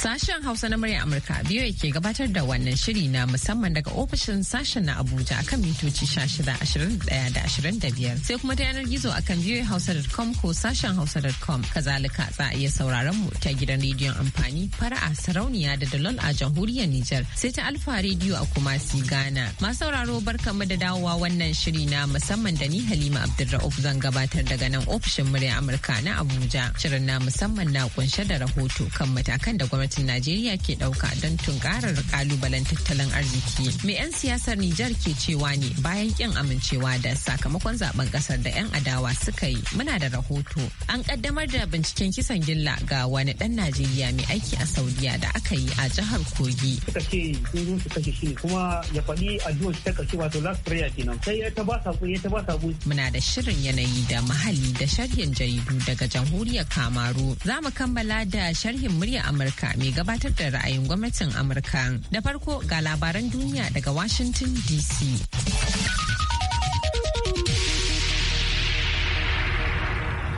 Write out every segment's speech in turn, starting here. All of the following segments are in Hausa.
Sashen Hausa na murya Amurka biyu ke gabatar da wannan shiri na musamman daga ofishin sashen na Abuja akan mitoci 16 da 25 sai kuma ta yanar gizo akan hausa.com ko sashen hausa.com. Kazalika za a iya sauraron mu ta gidan rediyon amfani fara a sarauniya da dalol a jamhuriyar Nijar sai ta Alfa rediyo a kuma si Ghana. Masu sauraro mu da dawowa wannan shiri na musamman da ni Halima Abdulra'uf zan gabatar daga nan ofishin murya Amurka na Abuja. Shirin na musamman na kunshe da rahoto kan matakan da gwamnati gwamnatin Najeriya ke ɗauka don tunkarar kalubalen tattalin arziki. mai 'yan siyasar Nijar ke cewa ne bayan ƙin amincewa da sakamakon zaben ƙasar da 'yan adawa suka yi muna da rahoto. An ƙaddamar da binciken kisan gilla ga wani ɗan Najeriya mai aiki a Saudiya da aka yi a jihar Kogi. Suka ce su kashe shi kuma ya faɗi ta kashe wato last prayer kenan. Sai ya ta ba ya ta ba Muna da shirin yanayi da mahalli da sharhin jaridu daga jamhuriyar Kamaru. Za mu kammala da sharhin murya Amurka mai gabatar da ra'ayin gwamnatin Amurka. Da farko ga labaran duniya daga Washington DC.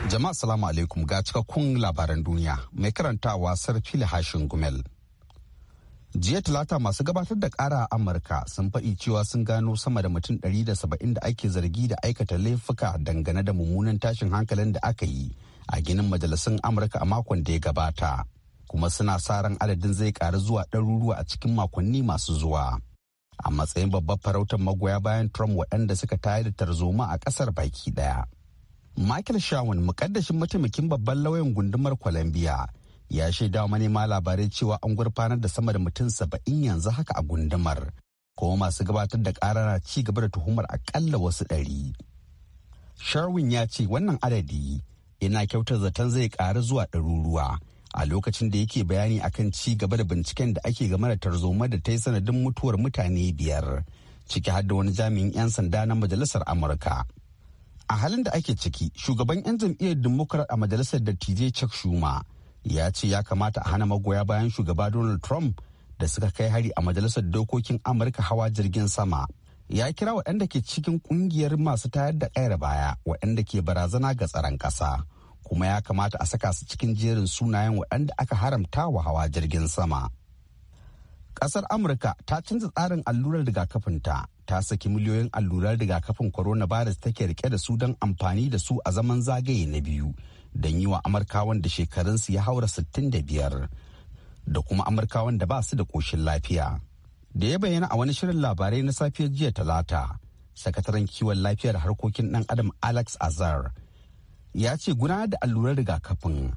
Jama'a salamu alaikum ga cikakkun labaran duniya mai karantawa sarfili hashin gumel. jiya talata masu gabatar da kara a amurka sun faɗi cewa sun gano sama da mutum 170 da ake zargi da aikata laifuka dangane da mummunan tashin hankalin da aka yi a ginin majalisun amurka a makon da ya gabata kuma suna sa ran adadin zai karu zuwa ɗaruruwa a cikin makonni masu zuwa. A matsayin babbar farautar magoya bayan Trump waɗanda suka tayar da tarzoma a ƙasar baki ɗaya. Michael Shawan, mukaddashin mataimakin babban lauyan gundumar Columbia, ya shaida manema labarai cewa an gurfanar da sama da mutum saba'in yanzu haka a gundumar, kuma masu gabatar da ƙara na ci gaba da tuhumar aƙalla wasu ɗari. Sharwin ya ce wannan adadi yana kyautar zaton zai ƙaru zuwa ɗaruruwa a lokacin da yake bayani akan ci gaba da binciken da ake game da tarzoma da ta yi sanadin mutuwar mutane biyar ciki har da wani jami'in 'yan sanda na majalisar amurka a halin da ake ciki shugaban 'yan jam'iyyar democrat a majalisar dattijai chuck Shuma, ya ce ya kamata a hana magoya bayan shugaba donald trump da suka kai hari a majalisar dokokin amurka hawa jirgin sama ya kira waɗanda ke cikin ƙungiyar masu tayar da ƙayar baya waɗanda ke barazana ga tsaron ƙasa kuma ya kamata a saka su cikin jerin sunayen waɗanda aka haramta wa hawa jirgin sama. Ƙasar Amurka ta canza tsarin allurar rigakafinta ta saki miliyoyin allurar rigakafin coronavirus take rike da su don amfani da su a zaman zagaye na biyu don yi wa Amurkawan da shekarunsu ya haura sittin da biyar. Da kuma Amurkawan da ba su da ƙoshin lafiya. Da ya bayyana a wani shirin labarai na safiyar jiya talata, sakataren kiwon lafiyar harkokin ɗan adam Alex Azar ya ce guna da allurar rigakafin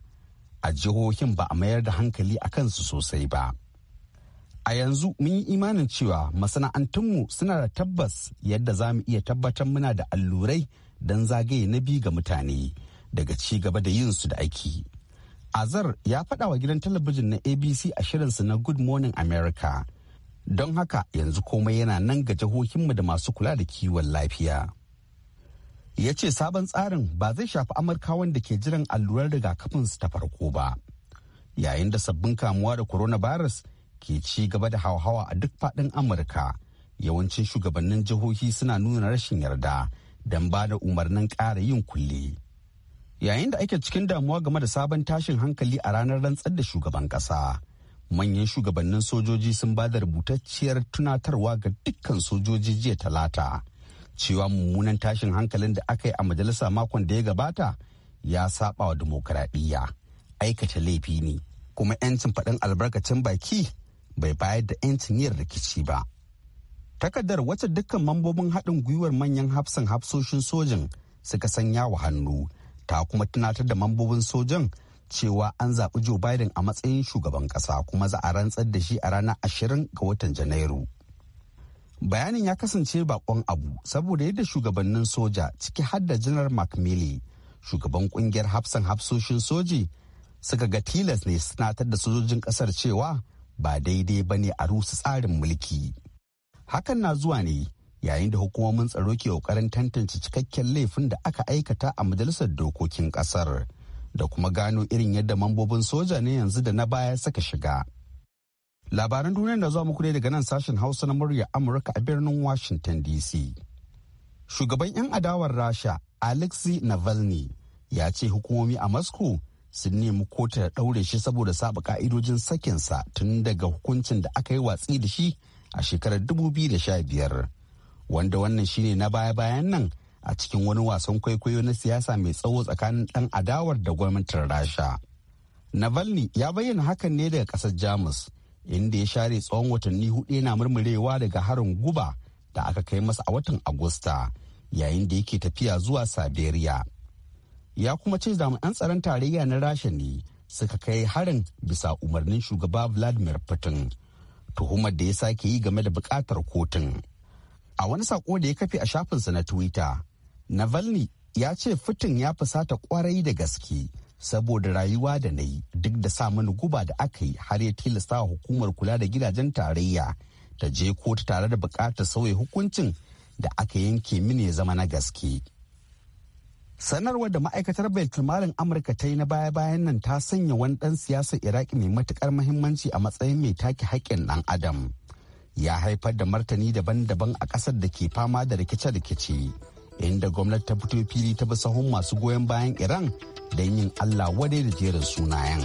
a jihohin ba a mayar da hankali a kansu sosai ba. A yanzu mun yi imanin cewa masana'antunmu suna da tabbas yadda za mu iya tabbatar muna da allurai don zagaye na biyu ga mutane daga ci gaba da yin su da aiki. Azar ya faɗa wa gidan talabijin na ABC a shirinsu na Good Morning America. Don haka yanzu komai yana nan ga jihohinmu da masu kula da kiwon lafiya. ya ce sabon tsarin ba zai shafi Amurka wanda ke jiran allurar rigakafin su ta farko ba yayin da sabbin kamuwa da coronavirus ke ci gaba da hauhawa a duk faɗin amurka yawancin shugabannin jihohi suna nuna rashin yarda don ba da umarnin ƙara yin kulle yayin da ake cikin damuwa game da sabon tashin hankali a ranar rantsar da shugaban ƙasa manyan shugabannin sojoji sun ba da rubutacciyar tunatarwa ga dukkan sojoji jiya talata cewa mummunan tashin hankalin da aka yi a majalisa makon da ya gabata ya saba wa dimokuraɗiyya aikata laifi ne kuma 'yancin faɗin albarkacin baki bai bayar da 'yancin yin rikici ba takardar wacce dukkan mambobin haɗin gwiwar manyan hafsan hafsoshin sojin suka sanya wa hannu ta kuma tunatar da mambobin sojin. cewa an zaɓi Joe Biden a matsayin shugaban ƙasa kuma za a rantsar da shi a ranar ashirin ga watan Janairu. bayanin ya kasance bakon abu saboda yadda shugabannin soja ciki har da janar macmillan shugaban kungiyar hafsan hafsoshin soji suka ga tilas ne sanatar da sojojin kasar cewa ba daidai ba ne a rusa tsarin mulki hakan na zuwa ne yayin da hukumomin tsaro ke kokarin tantance cikakken laifin da aka aikata a majalisar dokokin kasar da kuma gano irin yadda mambobin soja ne yanzu da na baya suka shiga Labaran Duniya da zuwa muku ne daga nan sashen Hausa na murya Amurka a birnin Washington DC. Shugaban 'yan adawar Rasha Alexei Navalny ya ce hukumomi a Moscow sun nemi kotu da ɗaure shi saboda saba ka'idojin sakinsa tun daga hukuncin da aka yi watsi da shi a shekarar 2015 wanda wannan shine na baya-bayan nan a cikin wani wasan kwaikwayo na siyasa mai tsawo tsakanin ɗan adawar da gwamnatin rasha navalny ya bayyana hakan ne daga ƙasar jamus inda ya share tsawon watanni hudu yana murmurewa daga harin guba da aka kai masa a watan agusta yayin da yake tafiya zuwa saberiya ya kuma ce jami'an tsaron tarayya na rasha ne suka kai harin bisa umarnin shugaba vladimir putin tuhumar da ya sake yi game da bukatar kotun a wani sako da ya kafe a shafinsa na twitter navalny ya ce fitin ya fusata kwarai da gaske saboda rayuwa da na yi duk da sa mani guba da aka yi har ya tilasta wa hukumar kula da gidajen tarayya ta je kotu tare da bukatar sauya hukuncin da aka yanke mini ya zama na gaske. sanarwar da ma'aikatar baitulmalin amurka ta yi na baya-bayan nan ta sanya wani ɗan siyasar iraki mai matukar mahimmanci a matsayin mai take haƙƙin ɗan adam ya haifar da martani daban-daban a ƙasar da ke fama da rikice-rikice inda gwamnati ta fito fili ta bi sahun masu goyon bayan iran don yin Allah wadai da jerin sunayen.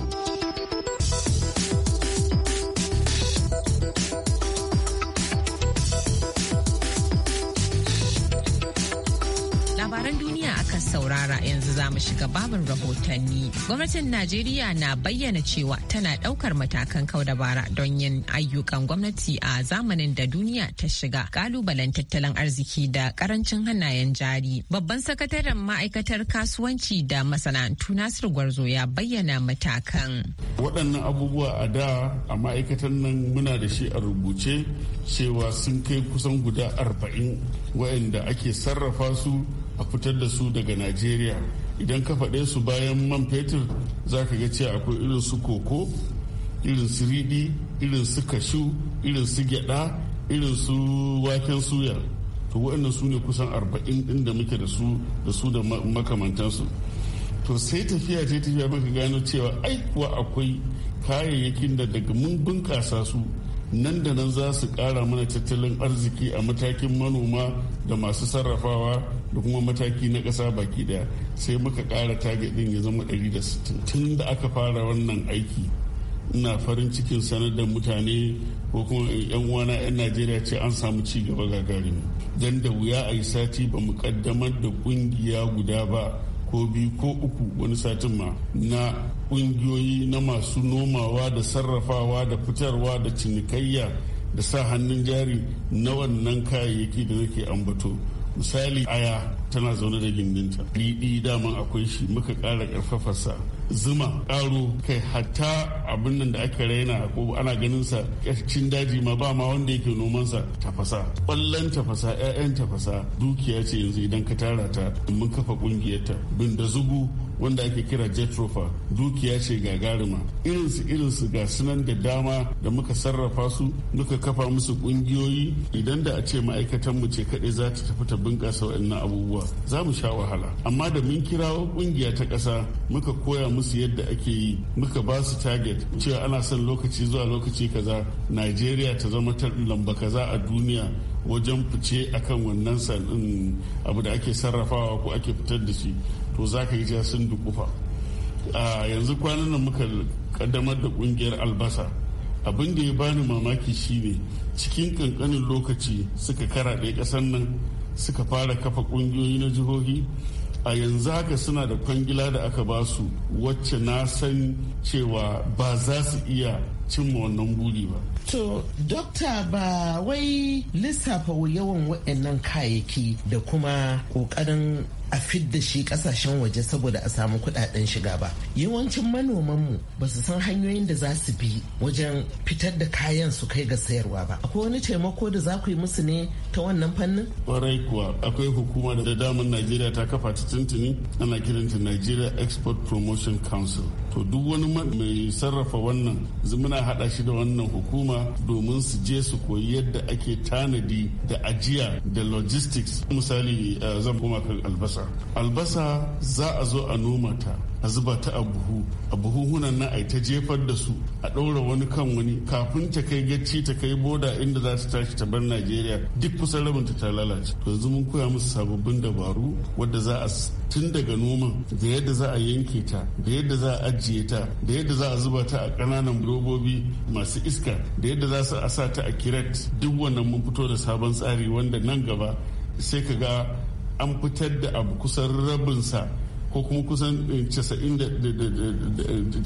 aka saurara yanzu za mu shiga babin rahotanni. Gwamnatin Najeriya na bayyana cewa tana ɗaukar matakan kau dabara don yin ayyukan gwamnati a zamanin da duniya ta shiga kalubalen tattalin arziki da karancin hannayen jari. Babban sakataren ma'aikatar kasuwanci da masana'antu Nasir Gwarzo ya bayyana matakan. Waɗannan abubuwa a da a ma'aikatan nan muna da shi a rubuce cewa sun kai kusan guda arba'in waɗanda ake sarrafa su a fitar da su daga najeriya idan ka faɗe su bayan man fetur za ka ga cewa akwai irin su koko irin su riɗi irin su kashu irin su gyaɗa irin su waken suya to waɗannan su ne kusan arba'in ɗin da muke da su da su da makamantansu to sai tafiya ce tafiya muka gano cewa ai kuwa akwai kayayyakin da daga mun bunƙasa su nan da nan za su ƙara mana tattalin arziki a matakin manoma da masu sarrafawa da kuma mataki na ƙasa baki daya sai muka ƙara target ɗin ya zama 160 tun da aka fara wannan aiki ina farin cikin sanar da mutane ko kuma yan uwana yan najeriya ce an samu ci gaba gagarin don da wuya a yi sati ba mu kaddamar da kungiya guda ba ko biyu ko uku wani satin ma na kungiyoyi na masu nomawa da sarrafawa da fitarwa da cinikayya da sa hannun jari na wannan kayayyaki da zake ambato misali aya tana zaune da gindinta liɗi daman akwai shi muka ƙara ƙarfafarsa zuma ƙaro kai hatta abin nan da aka raina ko ana ganin sa cikin daji ma ba ma wanda yake nomansa tafasa ƙwallon tafasa ƴaƴan tafasa dukiya ce yanzu idan ka tara ta mun kafa ƙungiyarta bin da zugu wanda ake kira jetrofa dukiya ce gagarima irinsu irinsu ga sunan da dama da muka sarrafa su muka kafa musu kungiyoyi idan da a ce ma'aikatan mu ce kaɗai za ta tafi ta bunƙasa waɗannan abubuwa za mu sha wahala amma da mun kirawo kungiya ta ƙasa muka koya musu yadda ake yi muka ba su target cewa ana son lokaci zuwa lokaci kaza najeriya ta zama ta lamba kaza a duniya wajen fice akan wannan mm, abu da ake sarrafawa ko ake fitar da shi to za ka yi sun dukufa a yanzu kwanan nan muka kaddamar da kungiyar albasa abin da ya bani mamaki shine cikin kankanin lokaci suka karaɗe ƙasar nan suka fara kafa ƙungiyoyi na jihohi a yanzu haka suna da kwangila da aka ba su wacce na san cewa ba za su iya cimma wannan buri ba. To, dokta ba wai lissafa yawan waɗannan kayayyaki da kuma ƙoƙarin a fidda shi kasashen waje saboda a samu kudaden shiga ba yawancin manomanmu ba su san hanyoyin da za su bi wajen fitar da kayan su kai ga sayarwa ba akwai wani taimako da za ku yi musu ne ta wannan fannin kwarai kuwa akwai hukuma da daman najeriya ta kafa ta tuntuni ana kiranta nigeria export promotion council to duk wani mai sarrafa wannan zumuna haɗa shi da wannan hukuma domin su je su koyi yadda ake tanadi da ajiya da logistics misali eh, zan koma kan albasa albasa za a zo a noma ta a zuba ta a buhu a buhuhunan na ai ta jefar da su a ɗaura wani kan wani kafin ta kai gacci ta kai boda inda za ta tashi ta bar najeriya duk kusan rabinta ta lalace yanzu mun koya musu sababbin dabaru wadda za a tun daga noman da yadda za a yanke ta da yadda za a ajiye ta da yadda za a zuba ta a ƙananan robobi masu iska da yadda za su a sa ta a kiret duk wannan mun fito da sabon tsari wanda nan gaba sai ka ga an fitar da abu kusan rabinsa ko kuma kusan 90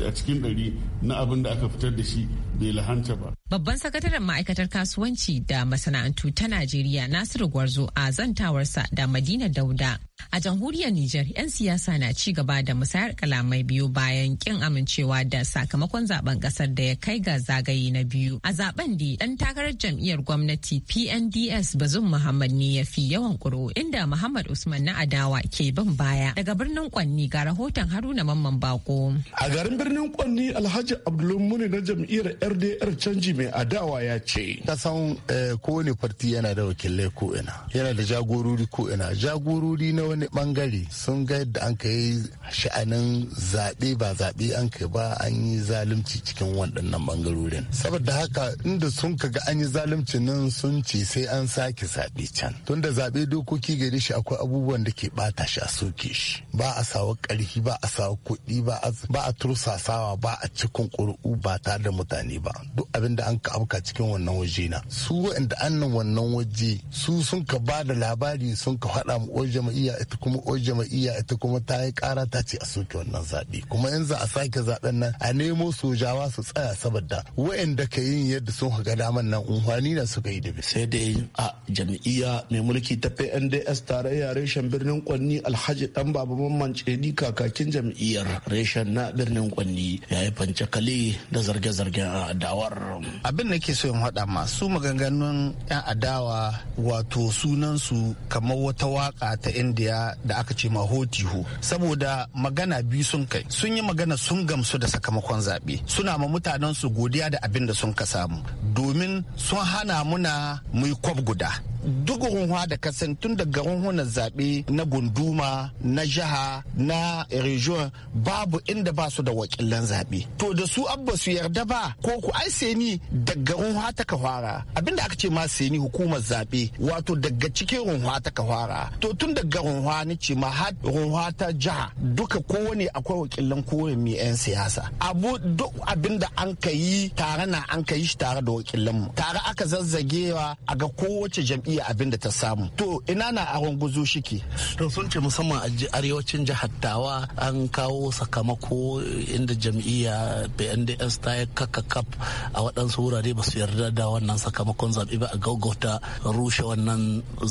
eh, a cikin 100 na abin da aka fitar da shi bai lahanta ba. Babban sakataren ma'aikatar kasuwanci da masana'antu ta Najeriya Nasiru Gwarzo a zantawarsa da Madina Dauda. A jamhuriyar Nijar 'yan siyasa na ci gaba da musayar kalamai biyu bayan kin amincewa da sakamakon zaben kasar da ya kai ga zagaye na biyu. A zaben da dan takarar jam'iyyar gwamnati PNDS Bazum Muhammad ne ya fi yawan kuro inda Muhammad Usman na adawa ke bin baya daga birnin Kwanni ga rahoton Haruna Mamman Bako. A garin birnin Kwanni Alhaji Abdulmuni na jam'iyyar RDR canji mai adawa ya ce. Kasan eh, kowane farti yana da wakilai ko ina, yana da jagorori ko ina. Jagorori na wani bangare sun ga yadda an kai sha'anin zaɓe ba zaɓe an kai ba an yi zalunci cikin waɗannan bangarorin. Saboda haka inda sun ka ga an yi zalunci nan sun ce sai an sake zaɓe can. Tunda zaɓe dokoki gari shi akwai abubuwan da ke ɓata shi a soke shi. Ba a sawa ƙarfi ba a sawa kuɗi ba a tursasawa ba a cikin ƙuri'u ba tare da mutane ba duk abin da an ka cikin wannan waje na su an nan wannan waje su sun ka ba da labari sun ka faɗa mu o jama'iyya ita kuma o jama'iyya ita kuma ta yi ƙara ta ce a soke wannan zaɓe kuma in za a sake zaɓen nan a nemo sojawa su tsaya saboda wa'anda ka yin yadda sun ga daman nan unhwani na suka yi da sai dai a jami'iyya mai mulki ta PNDS tarayya reshen birnin Kwanni Alhaji Dan Baba Mamman ni kakakin jam'iyyar reshen na birnin kwanni ya yi fancakali da zarge-zargen adawar abin da ke so in haɗa masu maganganun 'yan adawa wato sunansu kamar wata waka ta indiya da aka ce ma hotiho saboda magana biyu sun kai sun yi magana sun gamsu da sakamakon zaɓe suna ma mutanensu godiya da abin da sun ka samu domin sun hana muna mu yi kwab guda duk hunhuwa da kasan tun daga hunhunan zaɓe na gunduma na jiha na region babu inda ba su da wakilan zaɓe to da su abba su yarda ba ko ku ai seni daga hunhuwa ta ka fara abinda aka ce ma seni hukumar zaɓe wato daga cikin hunhuwa ta ka fara to tun daga hunhuwa ni ce ma har hunhuwa ta jiha duka kowane akwai wakilan kowane mai 'yan siyasa abu duk abinda an ka yi tare na an ka yi shi tare da wakilan mu tare aka zazzagewa a ga kowace jam'iyya juya abin da ta samu to ina na a gwanguzo ke? Don sun ce musamman a arewacin jihar tawa an kawo sakamako inda jam'iyya pnds ta yi kakakaf a waɗansu wurare ba su yarda da wannan sakamakon zaɓe ba a gaugauta rushe wannan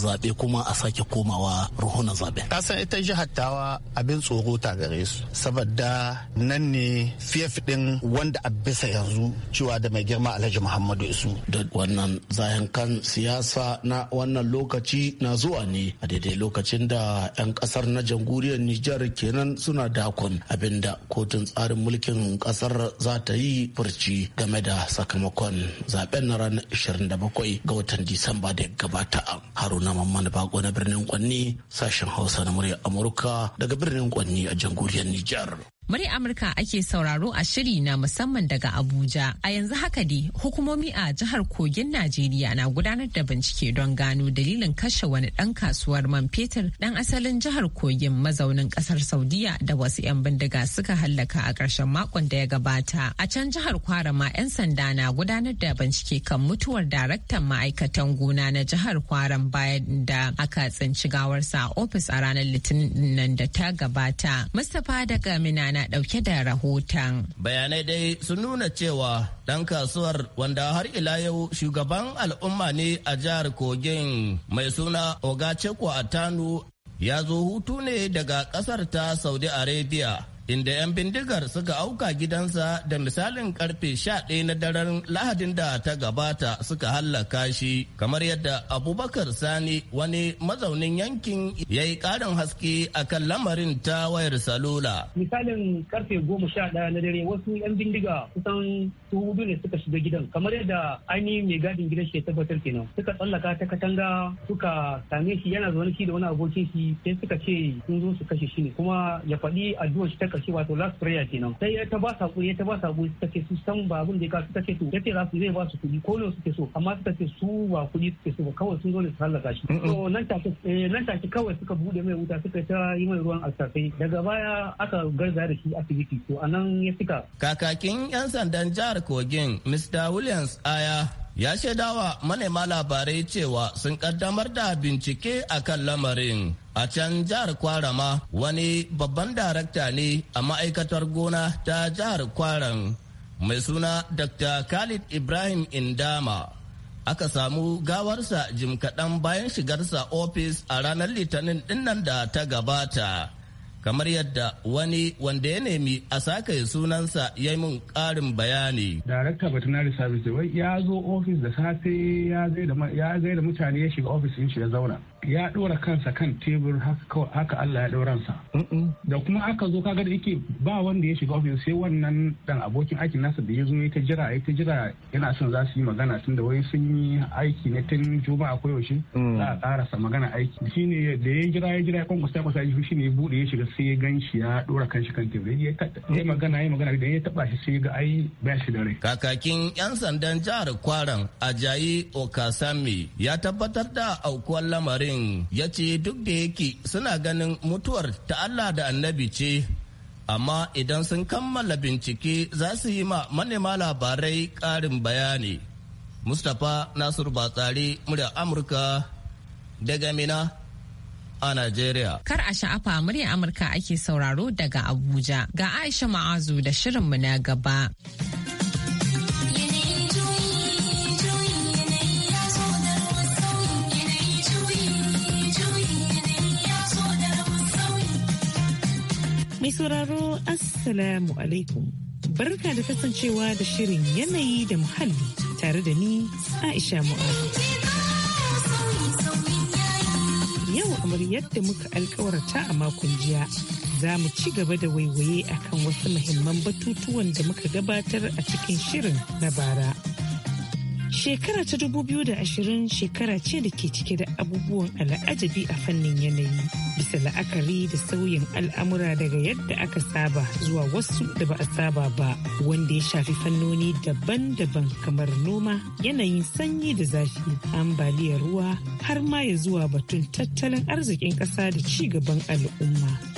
zaɓe kuma a sake komawa ruhuna zaɓe kasan san ita jihar tawa abin tsoro ta gare su saboda nan ne fiye-fiɗin wanda a bisa yanzu cewa da mai girma alhaji muhammadu isu da wannan zayen kan siyasa na wannan lokaci na zuwa ne a daidai lokacin da 'yan kasar na jamhuriyar Nijar kenan suna dakon abinda kotun tsarin mulkin kasar za ta yi furci game da sakamakon zaben na ranar 27 ga watan Disamba da gabata Haruna Mamman Bako na birnin Kwanni sashen Hausa na murya Amurka daga birnin Kwanni a jamhuriyar Nijar. Murya Amurka ake sauraro a shiri na musamman daga Abuja. A yanzu haka dai hukumomi a jihar Kogin Najeriya na gudanar da bincike don gano dalilin kashe wani ɗan kasuwar man fetur ɗan asalin jihar Kogin mazaunin ƙasar Saudiya da wasu 'yan bindiga suka hallaka a ƙarshen makon da ya gabata. A can jihar Kwara ma 'yan sanda na gudanar da bincike kan mutuwar daraktan ma'aikatan gona na jihar Kwaran bayan da aka tsinci gawarsa a ofis a ranar Litinin nan da ta gabata. Mustapha daga Minna na ɗauke da rahoton. Bayanai dai sun nuna cewa ɗan kasuwar wanda har ila yau shugaban al'umma ne a jihar Kogin mai suna Ogachekwa Atanu ya zo hutu ne daga ƙasar ta Saudi Arabia. inda 'yan bindigar suka auka gidansa da misalin karfe 11 na daren lahadin da ta gabata suka hallaka shi kamar yadda abubakar sani wani mazaunin yankin ya yi karin haske a kan lamarin ta wayar salula misalin karfe 11 na dare wasu 'yan bindiga kusan su ne suka shiga gidan kamar yadda aini mai gadin gidan shi ya tabbatar kenan suka tsallaka ta katanga suka same shi yana zaune shi da wani abokin shi sai suka ce sun zo su kashe shi ne kuma ya faɗi addu'ar shi ta karshe wato last prayer kenan sai ya ta ba su ya ta ba su suka ce su san ba abin da ya suka ce to yace za su zai ba su kuɗi ko ne suke so amma suka ce su ba kuɗi suke so kawai sun zo ne su hallaka shi nan take nan kawai suka buɗe mai wuta suka ta yi mai ruwan alsafai daga baya aka garza da shi asibiti to anan ya fika kakakin yan sandan jihar Kogin Mr Williams Aya ya shaidawa manema labarai cewa sun kaddamar da bincike akan lamarin A can jihar kwarama wani babban darakta ne a ma'aikatar gona ta jihar Kwaran mai suna Dr. Khalid Ibrahim Indama. Aka samu gawarsa jim kaɗan bayan shigarsa ofis a ranar litinin dinnan da ta gabata. kamar yadda wani wanda ya nemi a sakaye sunansa ya yi mun karin bayani. Darakta veterinary service wai ya zo ofis da safe ya zai da mutane ya shiga ofis in shi ya zauna. ya ɗora kansa kan tebur haka Allah ya ɗoransa. Da kuma aka zo kaga da yake ba wanda ya shiga ofis sai wannan dan abokin aikin nasa da ya zo ya ta jira ya ta jira yana son za su yi magana tun da wai sun yi aiki na tun juma'a ko yaushe mm. za a karasa magana aiki. Shi ne da ya jira ya jira ya kwankwasa kwasa ya shi ne buɗe ya shiga sai ya gan shi ya ɗora kanshi kan tebur. Ya yi magana ya magana da ya taɓa shi sai ga ai ba shi da rai. Kakakin 'yan sandan jihar Kwaran Ajayi Okasami ya tabbatar da aukuwar lamarin kwamitin ya ce duk da yake suna ganin mutuwar ta Allah da annabi ce amma idan sun kammala bincike za su yi ma manema labarai ƙarin bayani mustapha nasiru batsari murya amurka daga mina a Najeriya. Kar a sha'afa murya Amurka ake sauraro daga Abuja. Ga Aisha Ma'azu da shirin mu na gaba. Mai sauraro Assalamu alaikum. Barka da kasancewa da shirin yanayi da muhalli tare da ni Aisha Mu'adu. Yau kamar yadda muka alkawarta a makon jiya za mu ci gaba da waiwaye akan wasu muhimman batutuwan da muka gabatar a cikin shirin na bara. Shekara ta da ashirin shekara ce da ke cike da abubuwan al'ajabi a fannin yanayi. bisa la'akari da sauyin al'amura daga yadda aka saba zuwa wasu da ba a saba ba wanda ya shafi fannoni daban-daban kamar noma yanayin sanyi da zafi ambaliyar ruwa har ma ya zuwa batun tattalin arzikin ƙasa da ci gaban al'umma.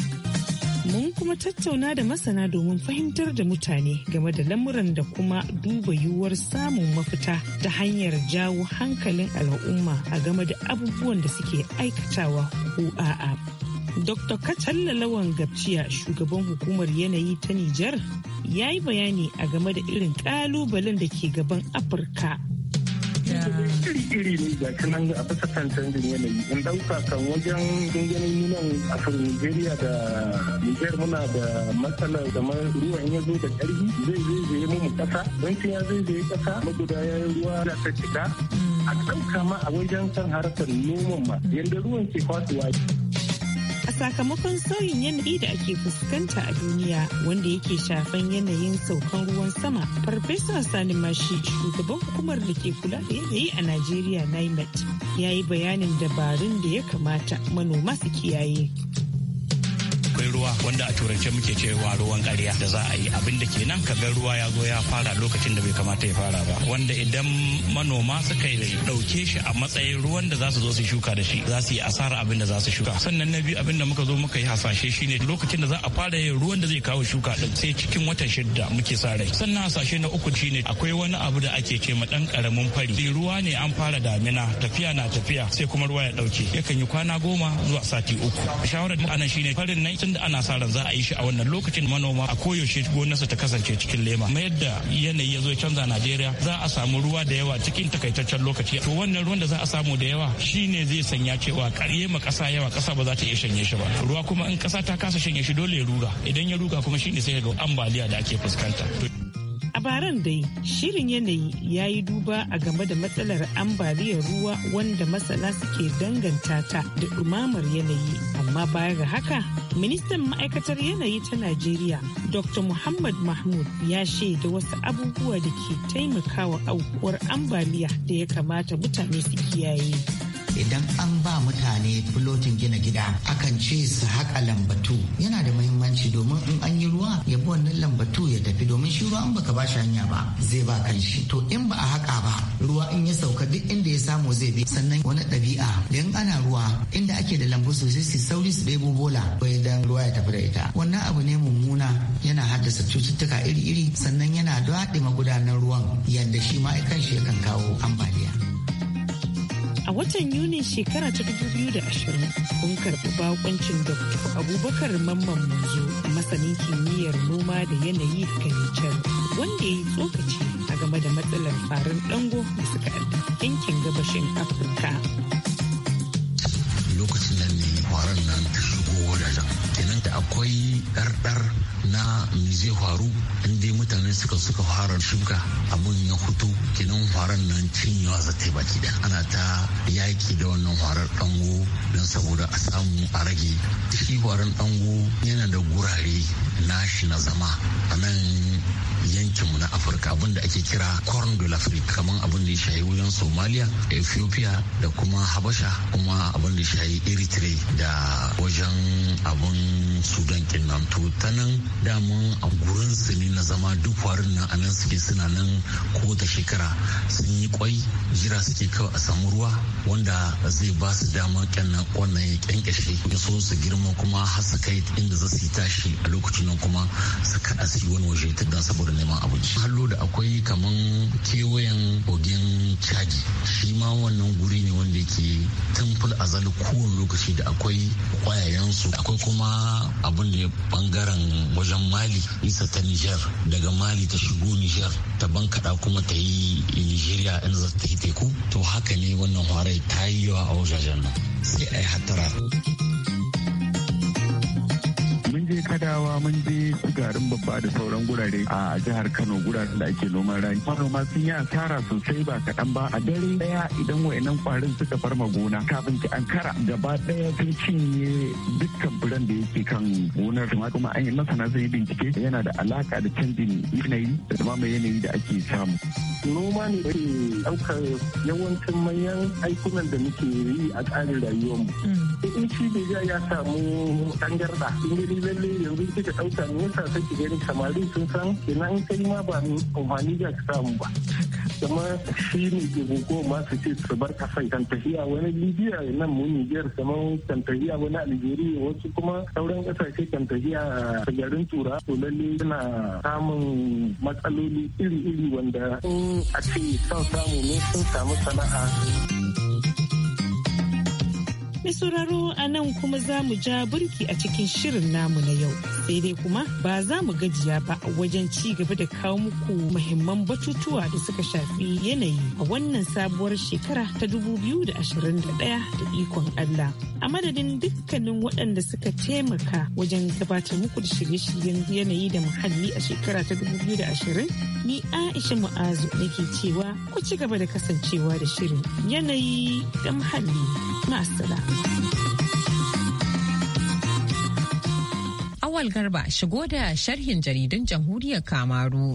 Mun kuma tattauna da masana domin fahimtar da mutane game da lamuran da kuma duba yiwuwar samun mafita ta hanyar jawo hankalin al'umma a game da abubuwan da suke aikatawa ko a'a. Dr. Katalla Lawan Gabciya shugaban hukumar yanayi ta Nijar ya yi bayani a game da irin ƙalubalen da ke gaban Afirka iri-iri ne ga kanan a fasa canjin yanayi in dauka kan wajen ganganin nan a nigeria da niger muna da matsala kamar ruwan ya zo da karfi zai zai mu kasa bankin ya zai zai kasa magudayen ruwa da ta cika a ɗauka ma a wajen kan harkar noman ma yadda ruwan ke kwasuwa a sakamakon sauyin yanayi da ake fuskanta a duniya wanda yake shafan yanayin saukan ruwan sama farfesa sani mashi shugaban hukumar da ke kula da yanayi a najeriya nimet ya yi bayanin dabarun da ya kamata manoma su kiyaye akwai ruwa wanda a turance muke cewa ruwan ƙarya da za a yi abin da kenan ka ga ruwa ya zo ya fara lokacin da bai kamata ya fara ba wanda idan manoma suka ɗauke shi a matsayin ruwan da za su zo su shuka da shi za su yi asara abin da za su shuka sannan na biyu abin da muka zo muka yi hasashe shine lokacin da za a fara yin ruwan da zai kawo shuka din sai cikin watan shidda muke sa rai sannan hasashe na uku shine akwai wani abu da ake ce ma dan karamin fari ruwa ne an fara damina tafiya na tafiya sai kuma ruwa ya ɗauke yakan yi kwana goma zuwa sati uku shawarar mu shi shine farin nan da ana sa ran za a yi shi a wannan lokacin manoma a koyaushe gonarsa ta kasance cikin lema mayar da yanayi ya zo canza najeriya za a samu ruwa da yawa cikin takaitaccen lokaci to wannan ruwan da za a samu da yawa shine zai sanya cewa karye ma kasa yawa kasa ba za ta iya shanye shi ba ruwa kuma in kasa ta kasa shanye shi dole ya ruga idan ya ruga kuma shine sai ga ambaliya da ake fuskanta A baran dai shirin yanayi ya yi duba a game da matsalar ambaliyar ruwa wanda masana suke danganta ta da ɗumamar yanayi. Amma baya ga haka, ministan ma'aikatar yanayi ta Najeriya, Dr. Muhammad Mahmud ya shaida wasu abubuwa da ke taimakawa aukuwar ambaliya da ya kamata mutane su kiyaye. idan an ba mutane filotin gina gida akan ce su haƙa lambatu yana da muhimmanci domin in an yi ruwa ya bi wannan lambatu ya tafi domin shi ruwa in baka ba shi hanya ba zai ba kan shi to in ba a haƙa ba ruwa in ya sauka duk inda ya samu zai bi sannan wani ɗabi'a Idan ana ruwa inda ake da lambu sosai su sauri su ɗebo bola ko idan ruwa ya tafi da ita wannan abu ne mummuna yana haddasa cututtuka iri-iri sannan yana daɗe magudanar ruwan yadda shi ma shi yakan kawo ambaliya. A watan Yuni shekara ta 2020 kun karɓi bakoncin Dr. Abubakar Mamman Manzo masanin kimiyyar noma da yanayi daga Nijar wanda ya yi tsokaci a game da matsalar farin dango da suka yankin gabashin Afirka. Lokacin nan ne farin nan shigo wajen kenan da akwai ɗarɗar na me zai faru in mutane suka suka fara shuka abun ya hutu kenan faran nan cinyewa za ta baki da ana ta yaki da wannan farar dango don saboda a samu a rage shi farar dango yana da gurare nashi na zama a nan yankin mu na afirka abinda ake kira corn de l'afrique kamar abin da ya shayi wajen somalia ethiopia da kuma habasha kuma abin da ya shayi eritrea da wajen abin sudan kinnan to ta nan daman a gurin su ne na zama duk warin nan anan suke suna nan ko ta shekara sun yi kwai jira suke kawai a samu ruwa wanda zai ba su dama kyanan wannan ya kyankyashe ya so su girma kuma har su kai inda za su yi tashi a lokacin nan kuma su kada su yi wani waje don saboda neman abinci hallo da akwai kaman kewayen kogin caji shi ma wannan guri ne wanda yake tumful azali kowane lokaci da akwai kwayayensu akwai kuma abin da ya bangaren wajen mali isa ta niger daga mali ta shigo niger ta bankaɗa kuma ta yi nigeria in za ta yi teku to haka ne wannan hwarai ta yi yawa a wajajen nan sai a yi hatara kadawa mun je su garin babba da sauran gurare a jihar kano guraren da ake noman rani manoma sun yi asara sosai ba kaɗan ba a dare daya idan wayannan kwarin suka farma gona kafin ki ankara gaba daya sun cinye dukkan furen da yake kan gonar kuma kuma an yi masana sun yi bincike yana da alaka da canjin yanayi da mai yanayi da ake samu noma ne ke ɗaukar yawancin manyan aikunan da muke yi a tsarin rayuwarmu hmm. in shi bai ya samu tangarda in lalle yanzu kika ɗauka ne yasa sai ki samari sun san kenan in kai ma ba amfani da ka samu ba. kuma shi ne ke goko masu ce su bar kasan tantahiya wani libya nan mu niger kamar tantahiya wani algeria wasu kuma sauran kasashe tantahiya a garin tura to lalle suna samun matsaloli iri-iri wanda in a ce samu ne sun samu sana'a Mai sauraro a nan kuma za mu ja burki a cikin shirin namu na yau. Sai dai kuma ba za mu gajiya ba wajen ci gaba da kawo muku muhimman batutuwa da suka shafi yanayi a wannan sabuwar shekara ta 2021 da ikon Allah. A madadin dukkanin waɗanda suka taimaka wajen gabatar muku da shirye-shiryen yanayi da muhalli a shekara ta 2020, ni Aisha Mu'azu nake cewa ku ci gaba da kasancewa da shirin yanayi da muhalli. Ma'asala. Awal Garba shigo da sharhin jaridun jamhuriyar Kamaru.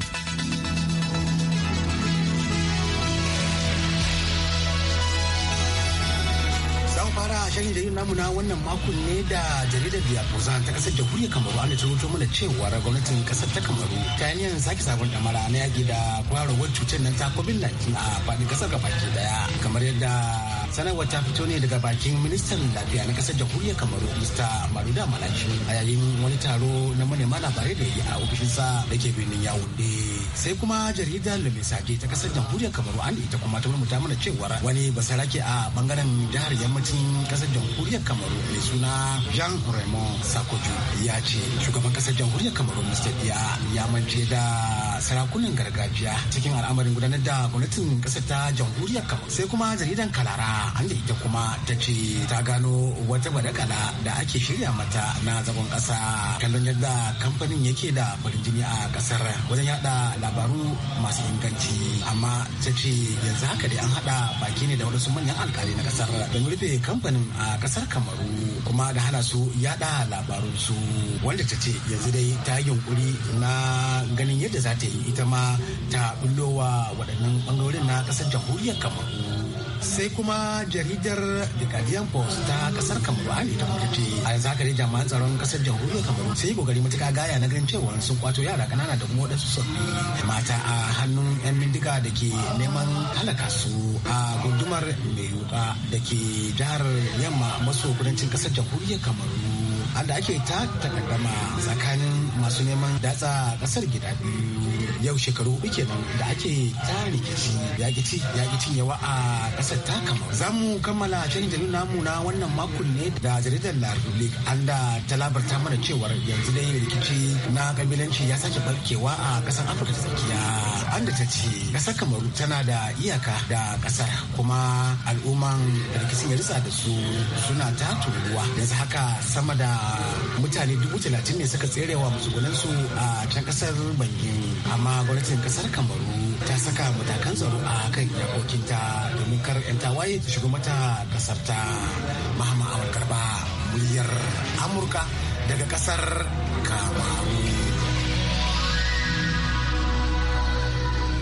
shirin jaridar namu na wannan makon ne da jaridar biya kusa ta kasar jamhuriyar kamaru ana rubuto mana cewa gwamnatin kasar ta kamaru ta hanyar sake sabon damara na yaki da kwararwar cutar nan ta covid-19 a faɗin kasar gabaki daya kamar yadda sanarwar ta fito ne daga bakin ministan lafiya na kasar jamhuriyar kamaru mr maruda malachi a yayin wani taro na manema labarai da yi a ofishinsa da ke birnin yawunde sai kuma jaridar sake ta kasar jamhuriyar kamaru an ita kuma ta rubuta mana cewar wani basarake a bangaren jihar yammacin kasar jamhuriyar kamaru mai suna jean raymond sakoju ya ce shugaban kasar jamhuriyar kamaru mr dia ya mance da sarakunan gargajiya cikin al'amarin gudanar da gwamnatin ƙasar ta jamhuriyar kano sai kuma jaridan kalara an da ita kuma ta ce ta gano wata badakala da ake shirya mata na zagon ƙasa kallon yadda kamfanin yake da farin jini a ƙasar wajen yada labaru masu inganci amma ta ce yanzu haka dai an haɗa baki ne da wasu manyan alkali na ƙasar don rufe kamfanin a ƙasar kamaru kuma da hana su yada labarunsu wanda ta ce yanzu dai ta yi yunkuri na ganin yadda za ta yi ita ma ta bullowa waɗannan ɓangarorin na ƙasar jamhuriyar kamaru sai kuma jaridar the guardian post ta kasar kamaru ali ta kuma ce a yanzu haka jami'an tsaron kasar jamhuriyar kamaru sai kokari matuka gaya na ganin cewa sun kwato yara kanana da kuma wadansu sabbi mata a hannun yan bindiga da ke neman halaka su a gundumar mai yuka da ke jihar yamma maso kudancin kasar jamhuriyar kamaru da ake ta takaddama tsakanin masu neman datsa kasar gida biyu yau shekaru uku kenan da ake tsari rikici ya gici ya gicin wa a ƙasar ta kama za mu kammala shirin jaridar namu na wannan makon ne da jaridar la republic an da ta mana cewar yanzu dai rikici na kabilanci ya sake barkewa a ƙasar afirka ta tsakiya an da ta ce ƙasar kamaru tana da iyaka da ƙasar kuma al'umman rikicin ya ritsa da su suna ta turuwa yanzu haka sama da mutane dubu talatin ne suka tserewa musugunansu a can ƙasar bangin amma kuma gwamnatin kasar kamaru ta saka matakan tsaro a kan ta domin kar 'yan tawaye su shigo mata kasar ta mahama a garba muryar amurka daga kasar kamaru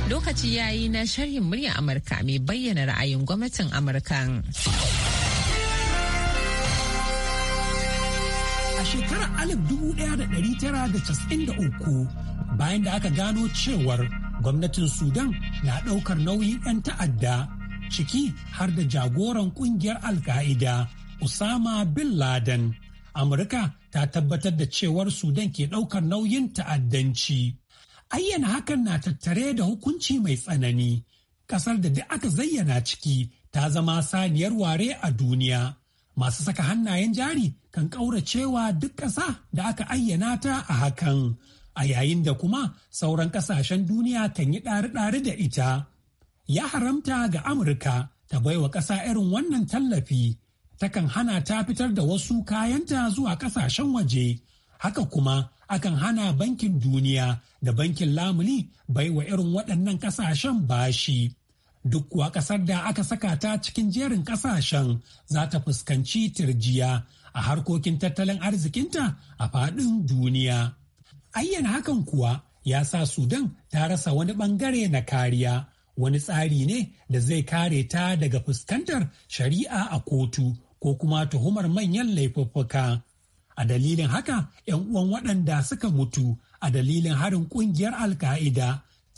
lokaci yayi na sharhin muryar amurka mai bayyana ra'ayin gwamnatin amurka. A shekarar 1993 bayan da aka gano cewar gwamnatin Sudan na ɗaukar nauyin 'yan ta'adda ciki har da jagoran ƙungiyar Al-Qaida Usama Bin Laden. Amurka ta tabbatar da cewar Sudan ke ɗaukar nauyin ta'addanci. Ayyana hakan na tattare da hukunci mai tsanani. Kasar da duk aka zayyana ciki ta zama saniyar ware a duniya. masu saka hannayen jari kan ƙauracewa duk ƙasa da aka ayyana ta a hakan a yayin da kuma sauran ƙasashen duniya kan yi ɗari-ɗari da ita ya haramta ga amurka ta baiwa ƙasa irin wannan tallafi takan hana ta fitar da wasu kayanta zuwa ƙasashen waje haka kuma akan hana bankin duniya da bankin lamuni baiwa irin waɗannan ƙasashen bashi duk kuwa kasar da aka saka ta cikin jerin kasashen za ta fuskanci tirjiya a harkokin tattalin arzikinta a faɗin duniya. Ayyana hakan kuwa ya sa Sudan ta rasa wani ɓangare na kariya, wani tsari ne da zai kare ta daga fuskantar shari'a a kotu ko kuma tuhumar manyan laifuffuka. A dalilin haka, 'yan uwan waɗanda suka mutu a dalilin harin ƙungiyar Alka'ida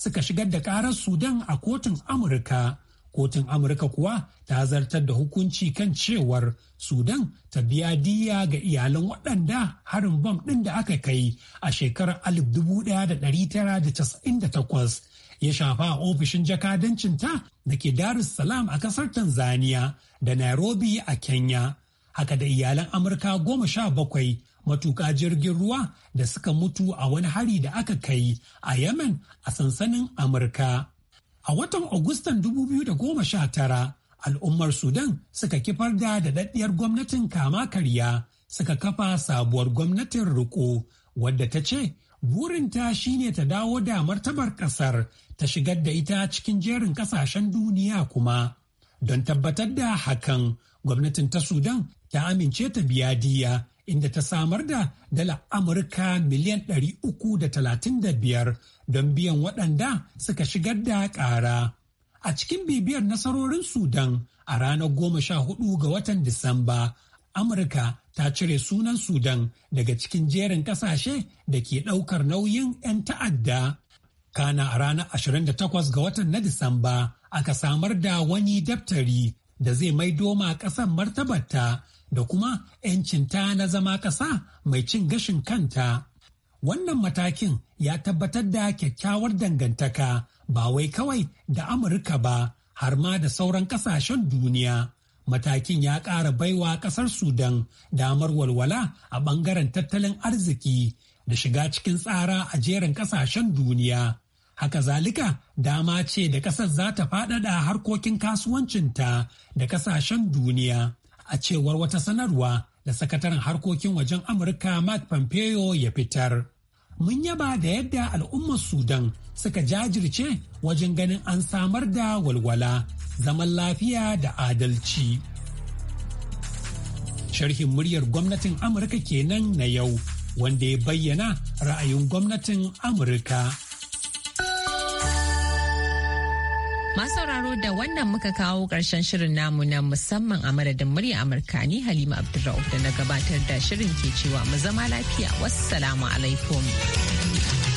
suka shigar da karar Sudan a kotun Amurka. Kotun Amurka kuwa ta zartar da hukunci kan cewar Sudan ta biya diya ga iyalan waɗanda harin bam ɗin da aka kai a shekarar 1998 ya shafa a ofishin jakadancinta da ke Darussalam a ƙasar Tanzania da Nairobi a Kenya. Haka da iyalan Amurka goma sha bakwai matuƙa jirgin ruwa da suka mutu a wani hari da aka kai a Yemen a sansanin Amurka. A watan Agustan 2019, al'ummar Sudan suka kifar da daɗaɗɗiyar gwamnatin kama karya suka kafa sabuwar gwamnatin riko wadda ta ce burinta shine ta dawo da martabar ƙasar ta shigar da ita cikin jerin ƙasashen duniya kuma. Don tabbatar da hakan, gwamnatin ta Sudan ta amince ta biya diya inda ta samar da dala Amurka miliyan 335 don biyan waɗanda suka shigar da ƙara. A cikin bibiyar nasarorin Sudan a ranar goma sha hudu ga watan Disamba, Amurka ta cire sunan Sudan daga cikin jerin ƙasashe da ke ɗaukar nauyin 'yan ta'adda. Kana a ranar 28 ga watan na Disamba aka samar da wani daftari da zai maido ma ƙasar martabarta da kuma 'yancinta na zama ƙasa mai cin gashin kanta. Wannan matakin ya tabbatar da kyakkyawar dangantaka ba wai kawai da Amurka ba har ma da sauran ƙasashen duniya. Matakin ya ƙara baiwa ƙasar Sudan damar walwala a ɓangaren tattalin arziki da shiga cikin tsara a jerin ƙasashen duniya. Haka zalika dama ce da ƙasar za ta faɗaɗa harkokin kasuwancinta da ƙasashen duniya. a cewar wata sanarwa da sakataren harkokin wajen Amurka Mark Pompeo ya fitar. Mun yaba da yadda al'ummar Sudan suka jajirce wajen ganin an samar da walwala, zaman lafiya da adalci. Sharhin muryar gwamnatin Amurka kenan na yau, wanda ya bayyana ra'ayin gwamnatin Amurka. Masu da wannan muka kawo ƙarshen shirin namu na musamman a madadin murya Amurka ni Halima Abdulrauf da na gabatar da shirin ke cewa mu zama lafiya wassalamu alaikum.